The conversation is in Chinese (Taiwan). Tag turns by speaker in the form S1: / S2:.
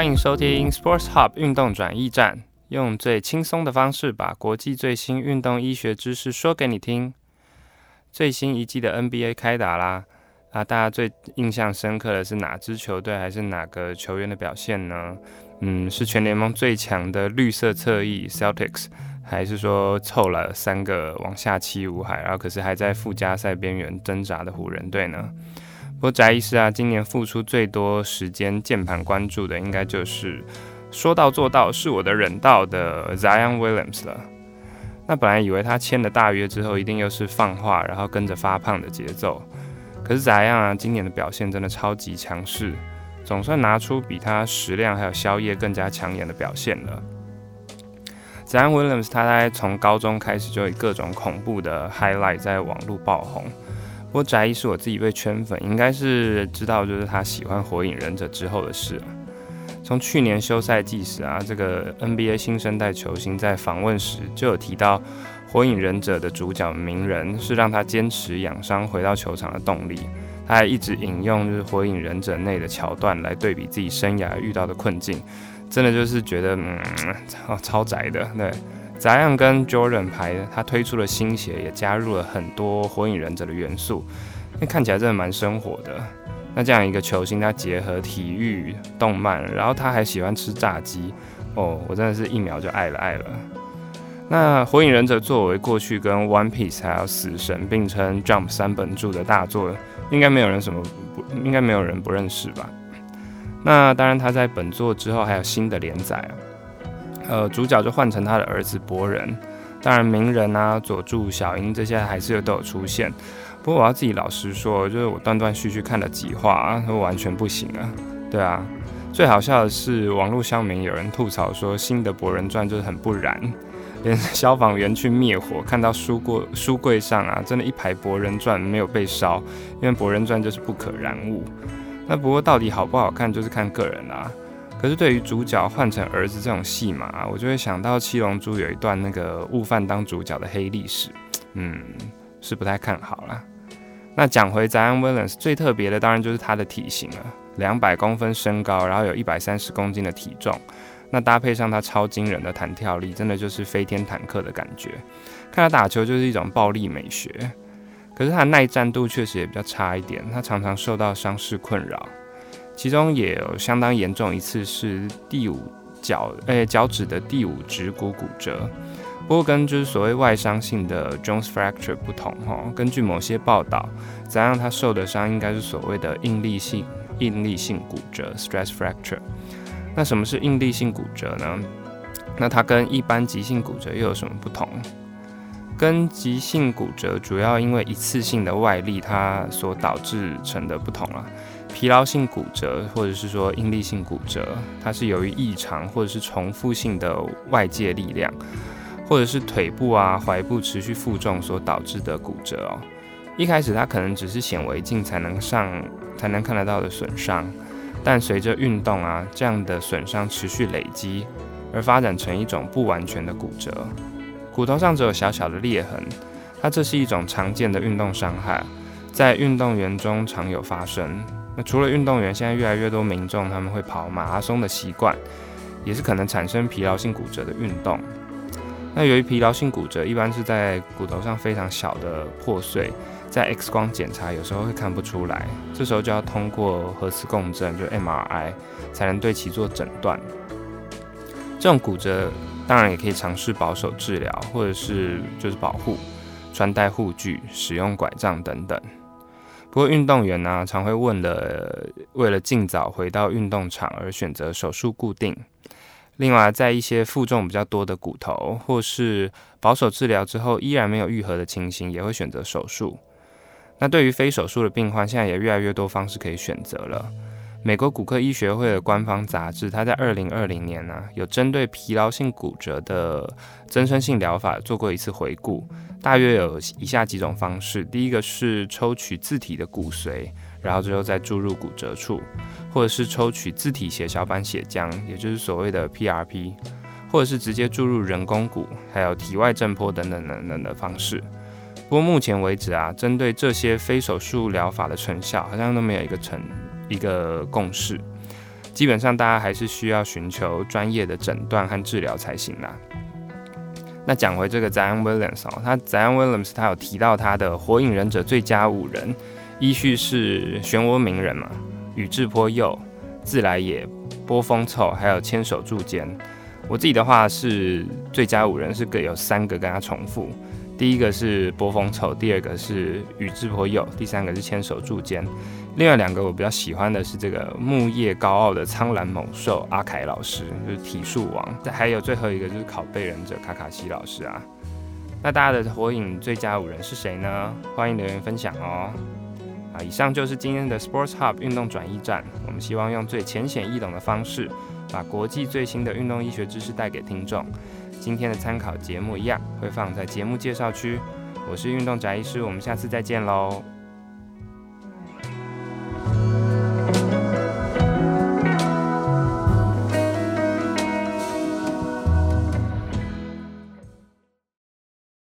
S1: 歡迎收聽 Sports Hub 運動轉驛站，用最輕鬆的方式把國際最新運動醫學知識說給你聽。最新一季的 NBA 開打啦，啊，大家最印象深刻的是哪支球隊，還是哪個球員的表現呢？嗯，是全聯盟最強的綠色側翼 Celtics，還是說湊了三個往下七五海，然後可是還在附加賽邊緣掙扎的湖人隊呢？不過宅醫師啊，今年付出最多時間鍵盤關注的，應該就是說到做到是我的忍道的 Zion Williams 了。那本來以為他簽了大約之後，一定又是放話，然後跟着發胖的節奏。可是 Zion 啊，今年的表現真的超級強勢，總算拿出比他食量還有宵夜更加搶眼的表現了。Zion Williams 他在從高中開始就以各種恐怖的 highlight 在網路爆紅。不過宅醫是我自己被圈粉，應該是知道就是他喜歡《火影忍者》之後的事。從去年休賽季時啊，這個 NBA 新生代球星在訪問時就有提到，《火影忍者》的主角鳴人是讓他堅持養傷回到球場的動力。他還一直引用就是《火影忍者》內的橋段來對比自己生涯遇到的困境，真的就是覺得嗯超，超宅的對。Zion 跟 Jordan 牌，他推出了新鞋，也加入了很多火影忍者的元素，那看起來真的蠻生活的。那這樣一個球星，他結合體育、動漫，然後他還喜歡吃炸雞，哦，我真的是一秒就愛了愛了。那火影忍者作為過去跟 One Piece 還有死神並稱 Jump 三本柱的大作，應該沒有人什麼不，應該沒有人不認識吧？那當然，他在本作之後還有新的連載啊。呃，主角就換成他的兒子博人，當然鳴人啊、佐助、小櫻這些還是都有出現。不過我要自己老實說，就是我斷斷續續看了幾話啊，都完全不行啊，對啊。最好笑的是網絡上面有人吐槽說新的《博人傳》就是很不燃，連消防員去滅火看到書櫃書櫃上啊，真的，一排《博人傳》沒有被燒，因為《博人傳》就是不可燃物。那不過到底好不好看，就是看個人啦啊。可是對於主角換成兒子這種戲碼，啊，我就會想到《七龍珠》有一段那個悟飯當主角的黑歷史，嗯，是不太看好啦。那講回 Zion Williams，最特別的當然就是他的體型了，兩百公分身高，然後有一百三十公斤的體重，那搭配上他超驚人的彈跳力，真的就是飛天坦克的感覺。看他打球就是一種暴力美學，可是他的耐戰度確實也比較差一點，他常常受到傷勢困擾。其中也有相當嚴重一次是第五腳誒腳趾，的第五蹠骨骨折，不過根據所謂外傷性的 Jones fracture 不同哈、哦，根據某些報道，怎樣他受的傷應該是所謂的應力性應力性骨折 stress fracture。那什麼是應力性骨折呢？那它跟一般急性骨折又有什麼不同？跟急性骨折主要因為一次性的外力它所導致成的不同啊。疲勞性骨折或者是說應力性骨折，它是由於異常或者是重複性的外界力量，或者是腿部啊、踝部持續負重所導致的骨折哦。一開始它可能只是顯微鏡才能上才能看得到的損傷，但隨着運動啊，這樣的損傷持續累積，而發展成一種不完全的骨折，骨頭上只有小小的裂痕。它這是一種常見的運動傷害，在運動員中常有發生。除了運動員，現在越來越多民眾他們會跑馬拉松的習慣，也是可能產生疲勞性骨折的運動。那由於疲勞性骨折一般是在骨頭上非常小的破碎，在 X 光檢查有時候會看不出來，這時候就要通過核磁共振就 MRI 才能對其做診斷。這種骨折當然也可以嘗試保守治療，或者是就是保護、穿戴護具、使用拐杖等等。不過運動員呢，常會問的，為了盡早回到運動場而選擇手術固定。另外，在一些負重比較多的骨頭，或是保守治療之後依然沒有癒合的情形，也會選擇手術。那對於非手術的病患，現在也越來越多方式可以選擇了。美國骨科醫學會的官方雜誌，它在二零二零年呢、啊，有針對疲勞性骨折的增生性療法做過一次回顧，大約有以下幾種方式：第一個是抽取自體的骨髓，然後最後再注入骨折處；或者是抽取自體血小板血漿，也就是所謂的 PRP；或者是直接注入人工骨，還有體外震波等等等等的方式。不過目前為止啊，針對這些非手術療法的成效，好像都沒有一個成。一個共識，基本上大家還是需要尋求專業的診斷和治療才行啦、啊。那講回這個 Zion Williams 哦，他 Zion Williams 他有提到他的《火影忍者》最佳五人，依序是漩渦鳴人嘛、宇智波鼬、自來也、波風湊，還有千手柱間。我自己的話是最佳五人是各有三個跟他重複，第一個是波風湊，第二個是宇智波鼬，第三個是千手柱間。另外兩個我比較喜歡的是這個木葉高傲的蒼藍猛獸阿凱老師，就是體術王。再還有最後一個就是拷貝忍者卡卡西老師啊。那大家的火影最佳五人是誰呢？歡迎留言分享哦。啊，以上就是今天的 Sports Hub 運動轉驛站。我們希望用最淺顯易懂的方式，把國際最新的運動醫學知識帶給聽眾。今天的參考節目一樣會放在節目介紹區。我是運動宅醫師，我們下次再見嘍。